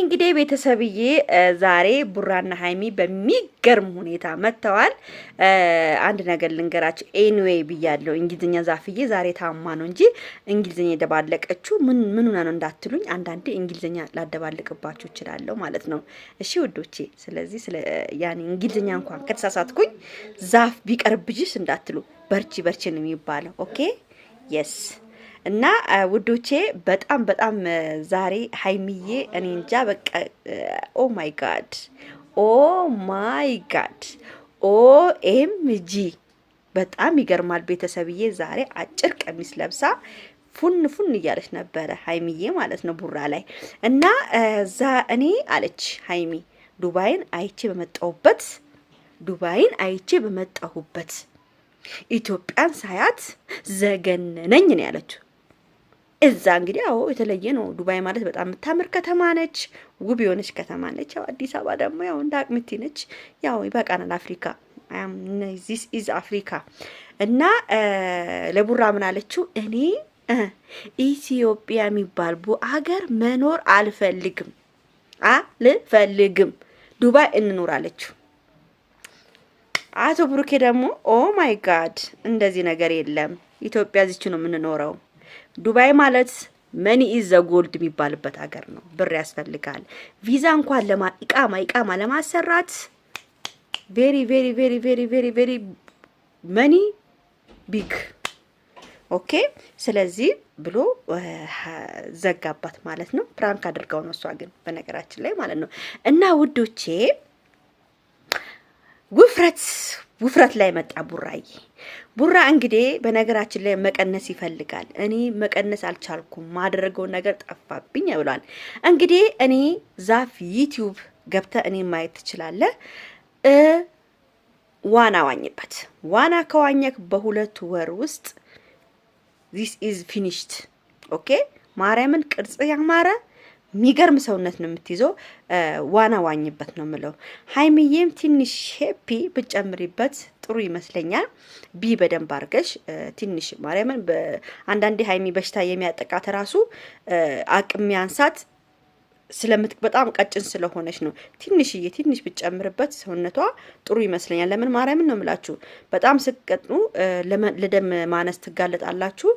እንግዲህ ቤተሰብዬ ዛሬ ቡራና ሀይሚ በሚገርም ሁኔታ መጥተዋል። አንድ ነገር ልንገራችሁ። ኤኒዌይ ብያለሁ። እንግሊዝኛ ዛፍዬ ዛሬ ታማ ነው እንጂ እንግሊዝኛ የደባለቀችው ምን ምኑና ነው እንዳትሉኝ፣ አንዳንዴ እንግሊዝኛ ላደባልቅባችሁ እችላለሁ ማለት ነው። እሺ ውዶቼ፣ ስለዚህ ያኔ እንግሊዝኛ እንኳን ከተሳሳትኩኝ ዛፍ ቢቀርብጅስ እንዳትሉ፣ በርቺ በርቺ ነው የሚባለው። ኦኬ የስ እና ውዶቼ በጣም በጣም ዛሬ ሀይሚዬ እኔ እንጃ በቃ ኦ ማይ ጋድ ኦ ማይ ጋድ ኦ ኤም ጂ በጣም ይገርማል። ቤተሰብዬ ዛሬ አጭር ቀሚስ ለብሳ ፉን ፉን እያለች ነበረ ሀይሚዬ ማለት ነው ቡራ ላይ እና ዛ እኔ አለች ሀይሚ ዱባይን አይቼ በመጣሁበት ዱባይን አይቼ በመጣሁበት ኢትዮጵያን ሳያት ዘገነነኝ ነው ያለችው። እዛ እንግዲህ አዎ የተለየ ነው። ዱባይ ማለት በጣም የምታምር ከተማ ነች፣ ውብ የሆነች ከተማ ነች። ያው አዲስ አበባ ደግሞ ያው እንደ አቅምቲ ነች። ያው ይበቃናል አፍሪካ ዚስ ኢዝ አፍሪካ እና ለቡራ ምን አለችው? እኔ ኢትዮጵያ የሚባል ሀገር መኖር አልፈልግም አልፈልግም ዱባይ እንኖር አለችው። አቶ ብሩኬ ደግሞ ኦ ማይ ጋድ እንደዚህ ነገር የለም ኢትዮጵያ ዝች ነው የምንኖረው ዱባይ ማለት መኒ ኢዝ ዘ ጎልድ የሚባልበት ሀገር ነው። ብር ያስፈልጋል። ቪዛ እንኳን ለማቃማ ኢቃማ ለማሰራት ቬሪ ቬሪ ቬሪ ቬሪ ቬሪ ቬሪ መኒ ቢግ ኦኬ። ስለዚህ ብሎ ዘጋባት ማለት ነው። ፕራንክ አድርገው ነው እሷ ግን በነገራችን ላይ ማለት ነው እና ውዶቼ ውፍረት ውፍረት ላይ መጣ ቡራዬ። ቡራ እንግዲህ በነገራችን ላይ መቀነስ ይፈልጋል። እኔ መቀነስ አልቻልኩም፣ ማደረገውን ነገር ጠፋብኝ ብሏል። እንግዲህ እኔ ዛፍ ዩቲዩብ ገብተ እኔ ማየት ትችላለህ። ዋና ዋኝበት። ዋና ከዋኘክ በሁለት ወር ውስጥ ዚስ ኢዝ ፊኒሽድ ኦኬ። ማርያምን ቅርጽ ያማረ የሚገርም ሰውነት ነው የምትይዘው። ዋና ዋኝበት ነው ምለው። ሀይሚዬም ትንሽ ሼፒ ብጨምሪበት ጥሩ ይመስለኛል። ቢ በደንብ አርገሽ ትንሽ ማርያምን። አንዳንዴ ሀይሚ በሽታ የሚያጠቃት ራሱ አቅም ያንሳት ስለምት በጣም ቀጭን ስለሆነች ነው። ትንሽዬ ትንሽ ብጨምርበት ሰውነቷ ጥሩ ይመስለኛል። ለምን ማርያምን ነው የምላችሁ፣ በጣም ስቀጥኑ ለደም ማነስ ትጋለጣላችሁ።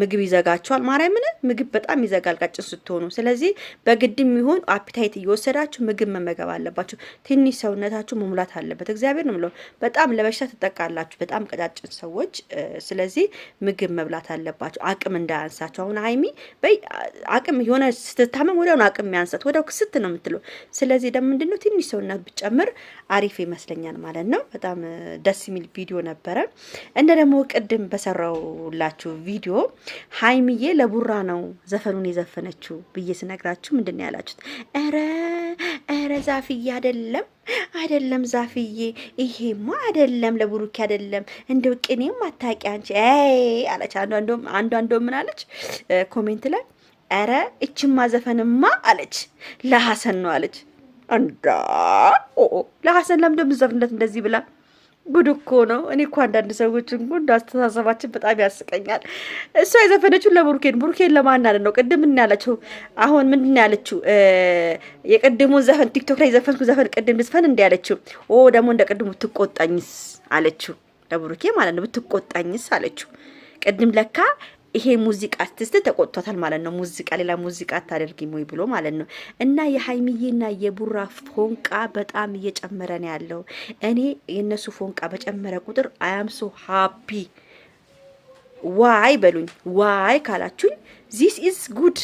ምግብ ይዘጋችኋል። ማርያምን ምግብ በጣም ይዘጋል ቀጭን ስትሆኑ። ስለዚህ በግድም ይሆን አፒታይት እየወሰዳችሁ ምግብ መመገብ አለባችሁ። ትንሽ ሰውነታችሁ መሙላት አለበት። እግዚአብሔር ነው የምለው። በጣም ለበሽታ ትጠቃላችሁ፣ በጣም ቀጫጭን ሰዎች። ስለዚህ ምግብ መብላት አለባችሁ፣ አቅም እንዳያንሳችሁ። አሁን ሀይሚ አቅም የሆነ ስትታመም ወዲያውኑ አቅም የሚያንሳት ወዲያው ክስት ነው የምትለው። ስለዚህ ደግሞ ምንድነው ትንሽ ሰውነት ብጨምር አሪፍ ይመስለኛል ማለት ነው። በጣም ደስ የሚል ቪዲዮ ነበረ። እንደ ደግሞ ቅድም በሰራውላችሁ ቪዲዮ ሀይሚዬ ለቡራ ነው ዘፈኑን የዘፈነችው ብዬ ስነግራችሁ ምንድን ነው ያላችሁት? ኧረ ኧረ ዛፍዬ አይደለም አይደለም ዛፍዬ፣ ይሄማ አይደለም ለቡሩኪ አይደለም፣ እንደው ቅኔም አታውቂ አንቺ አለች። አንዷ እንደውም ምን አለች ኮሜንት ላይ ኧረ እችማ ዘፈንማ አለች። ለሐሰን ነው አለች። እንዳ ለሐሰን ለምን እንደምዘፍንለት እንደዚህ ብላ ጉድ እኮ ነው። እኔ እኮ አንዳንድ ሰዎችን ጉድ አስተሳሰባችን በጣም ያስቀኛል። እሷ የዘፈነችው ለቡርኬን ቡርኬን ለማናደድ ነው። ቅድም ምን ያለችው አሁን ምንድን ያለችው የቅድሙን ዘፈን ቲክቶክ ላይ ዘፈንኩ ዘፈን ቅድም ልዝፈን እንዲ ያለችው ኦ ደግሞ እንደ ቅድሙ ብትቆጣኝስ አለችው ለቡርኬ ማለት ነው። ብትቆጣኝስ አለችው። ቅድም ለካ ይሄ ሙዚቃ አርቲስት ተቆጥቷታል ማለት ነው። ሙዚቃ ሌላ ሙዚቃ አታደርጊም ወይ ብሎ ማለት ነው። እና የሀይሚዬና የቡራ ፎንቃ በጣም እየጨመረ ነው ያለው። እኔ የእነሱ ፎንቃ በጨመረ ቁጥር አያም ሶ ሀፒ ዋይ በሉኝ። ዋይ ካላችሁኝ ዚስ ኢዝ ጉድ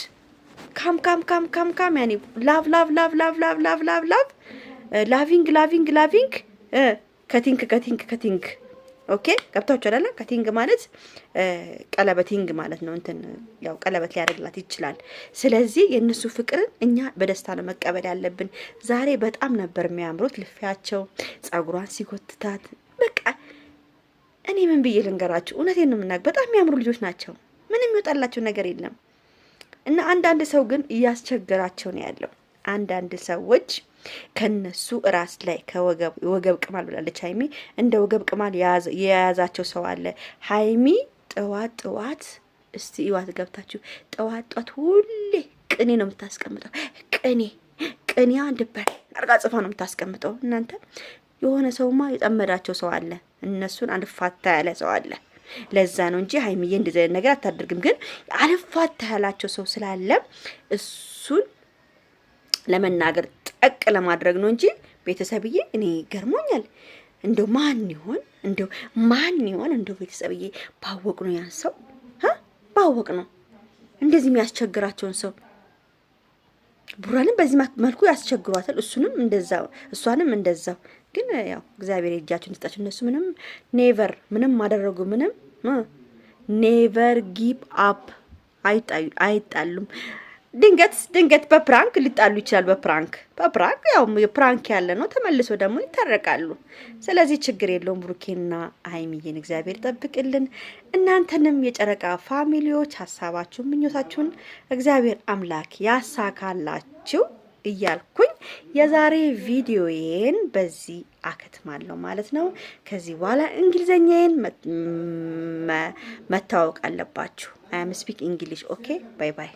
ካም ካም ካም ካም ካም ያኔ ላቭ ላቭ ላቭ ላቭ ላቭ ላቭ ላቭ ላቭ ላቪንግ ላቪንግ ላቪንግ ከቲንክ ከቲንክ ከቲንክ ኦኬ ገብታችሁ አይደለ? ከቲንግ ማለት ቀለበቲንግ ማለት ነው። እንትን ያው ቀለበት ሊያደርግላት ይችላል። ስለዚህ የእነሱ ፍቅርን እኛ በደስታ ነው መቀበል ያለብን። ዛሬ በጣም ነበር የሚያምሩት ልፊያቸው፣ ጸጉሯን ሲጎትታት በቃ እኔ ምን ብዬ ልንገራችሁ? እውነቴን ነው የምናገር። በጣም የሚያምሩ ልጆች ናቸው። ምንም ይወጣላቸው ነገር የለም እና አንዳንድ ሰው ግን እያስቸገራቸው ነው ያለው አንዳንድ ሰዎች ከነሱ ራስ ላይ ከወገብ ወገብ ቅማል ብላለች ሀይሚ። እንደ ወገብ ቅማል የያዛቸው ሰው አለ። ሀይሚ ጥዋት ጥዋት እስቲ ይዋት ገብታችሁ ጠዋት ጠዋት ሁሌ ቅኔ ነው የምታስቀምጠው። ቅኔ ቅኔ አንድ በል አርጋ ጽፋ ነው የምታስቀምጠው። እናንተ የሆነ ሰውማ የጠመዳቸው ሰው አለ። እነሱን አንፋታ ያለ ሰው አለ። ለዛ ነው እንጂ ሀይሚዬ እንደዚህ ነገር አታደርግም። ግን አንፋታ ያላቸው ሰው ስላለ እሱን ለመናገር ጠቅ ለማድረግ ነው እንጂ ቤተሰብዬ፣ እኔ ገርሞኛል። እንደው ማን ይሆን እንደው ማን ይሆን እንደው ቤተሰብዬ፣ ባወቅ ነው ያን ሰው ባወቅ ነው እንደዚህ የሚያስቸግራቸውን ሰው ቡራንም በዚህ መልኩ ያስቸግሯታል። እሱንም እንደዛው እሷንም እንደዛው። ግን ያው እግዚአብሔር የእጃቸውን እንዲጣቸው እነሱ ምንም ኔቨር ምንም አደረጉ ምንም ኔቨር ጊቭ አፕ አይጣሉም። ድንገት ድንገት በፕራንክ ሊጣሉ ይችላል። በፕራንክ በፕራንክ ያው የፕራንክ ያለ ነው። ተመልሶ ደግሞ ይታረቃሉ። ስለዚህ ችግር የለውም። ብሩኬና ሀይሚዬን እግዚአብሔር ይጠብቅልን። እናንተንም የጨረቃ ፋሚሊዎች ሀሳባችሁን፣ ምኞታችሁን እግዚአብሔር አምላክ ያሳካላችሁ እያልኩኝ የዛሬ ቪዲዮዬን በዚህ አከትማለሁ ማለት ነው። ከዚህ በኋላ እንግሊዘኛዬን መታወቅ አለባችሁ። አይ አም ስፒክ እንግሊሽ ኦኬ። ባይ ባይ